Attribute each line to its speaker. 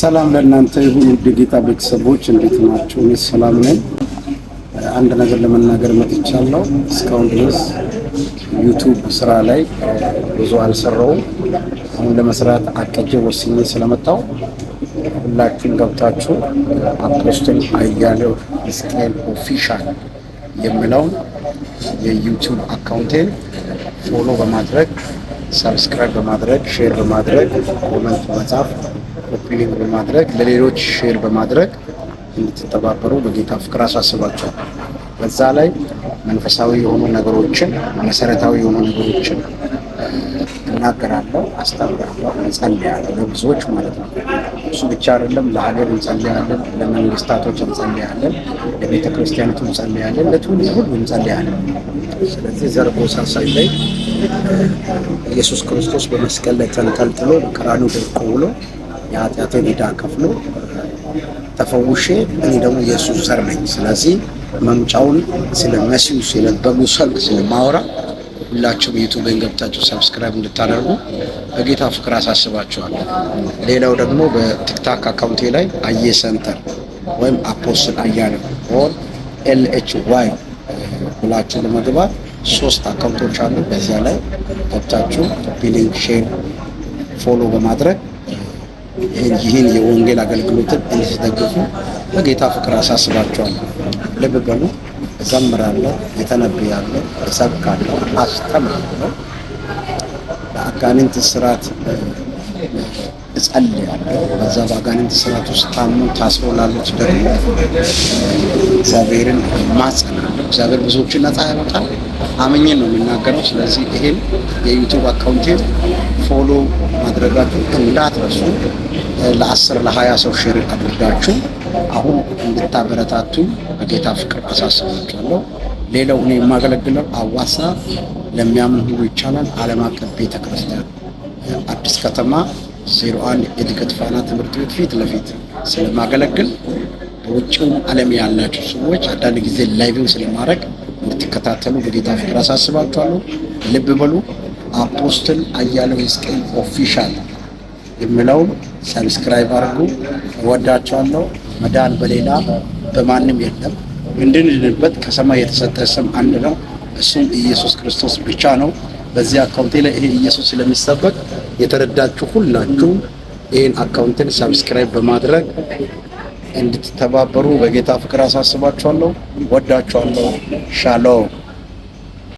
Speaker 1: ሰላም ለእናንተ ይሁን ውድ ጌታ ቤተሰቦች፣ እንዴት ናቸው? እኔ ሰላም ነኝ። አንድ ነገር ለመናገር መጥቻለሁ። እስካሁን ድረስ ዩቱብ ስራ ላይ ብዙ አልሰራውም። አሁን ለመስራት አቅጄ ወስኜ ስለመጣው ሁላችሁም ገብታችሁ አፖስትል አያሌው ሕዝቅኤል ኦፊሻል የሚለውን የዩቱብ አካውንቴን ፎሎ በማድረግ ሰብስክራይብ በማድረግ ሼር በማድረግ ኮመንት መጻፍ ኦፒኒን በማድረግ ለሌሎች ሼር በማድረግ እንድትተባበሩ በጌታ ፍቅር አሳስባቸዋል። በዛ ላይ መንፈሳዊ የሆኑ ነገሮችን መሰረታዊ የሆኑ ነገሮችን እናገራለሁ፣ አስተምራለሁ፣ እንጸልያለሁ ለብዙዎች ማለት ነው። እሱ ብቻ አይደለም። ለሀገር እንጸልያለን፣ ለመንግስታቶች እንጸልያለን፣ ለቤተ ክርስቲያኒቱ እንጸልያለን፣ ለትውልድ ሁሉ እንጸልያለን። ስለዚህ ዘርጎ ሳሳይ ላይ ኢየሱስ ክርስቶስ በመስቀል ላይ ተንጠልጥሎ በቀራንዮ ደርቆ ውሎ የኃጢአቴን ዕዳ ከፍሎ ተፈውሼ እኔ ደግሞ የእሱ ዘር ነኝ። ስለዚህ መምጫውን ስለ መሲሁ ስለ በጉ ሰርግ ስለማወራ ሁላችሁም ዩቱብን ገብታችሁ ሰብስክራይብ እንድታደርጉ በጌታ ፍቅር አሳስባችኋለሁ። ሌላው ደግሞ በቲክታክ አካውንቴ ላይ አየ ሰንተር ወይም አፖስትል አያሌው ኦር ኤልኤች ዋይ ብላችሁ ለመግባት ሶስት አካውንቶች አሉ። በዚያ ላይ ገብታችሁ ቢሊንግ ሼር ፎሎ በማድረግ ይህን የወንጌል አገልግሎትን እንድትደግፉ በጌታ ፍቅር አሳስባቸዋል። ልብ በሉ። እዘምራለሁ፣ እተነብያለሁ፣ እሰብካለሁ፣ አስተምራለሁ፣ በአጋንንት ስርዓት እጸልያለሁ። በዛ በአጋንንት ስርዓት ውስጥ ታሙ ታስሮ ላሉት ደግሞ እግዚአብሔርን ማጸናለሁ። እግዚአብሔር ብዙዎችን ነጻ ያወጣል። አምኜን ነው የምናገረው። ስለዚህ ይሄን የዩቱብ አካውንቴን ፎሎ ማድረጋችሁ እንዳትረሱ። ለአስር ለሀያ ሰው ሼር አድርጋችሁ አሁን እንድታበረታቱ በጌታ ፍቅር አሳስባችኋለሁ። ሌላው እኔ የማገለግለው አዋሳ ለሚያምን ሁሉ ይቻላል ዓለም አቀፍ ቤተ ክርስቲያን አዲስ ከተማ አንድ የእድገት ፋና ትምህርት ቤት ፊት ለፊት ስለማገለግል በውጭውም ዓለም ያላችሁ ሰዎች አንዳንድ ጊዜ ላይቭን ስለማድረግ እንድትከታተሉ በጌታ ፍቅር አሳስባችኋለሁ። ልብ በሉ አፖስትል አያሌው ሕዝቅኤል ኦፊሻል የምለው ሰብስክራይብ አድርጉ። እወዳቸዋለሁ። መዳን በሌላ በማንም የለም። እንድንድንበት ከሰማይ የተሰጠ ስም አንድ ነው፣ እሱም ኢየሱስ ክርስቶስ ብቻ ነው። በዚህ አካውንቴ ላይ ይሄ ኢየሱስ ስለሚሰበክ የተረዳችሁ ሁላችሁ ይህን አካውንትን ሰብስክራይብ በማድረግ እንድትተባበሩ በጌታ ፍቅር አሳስባችኋለሁ። ወዳችኋለሁ። ሻሎም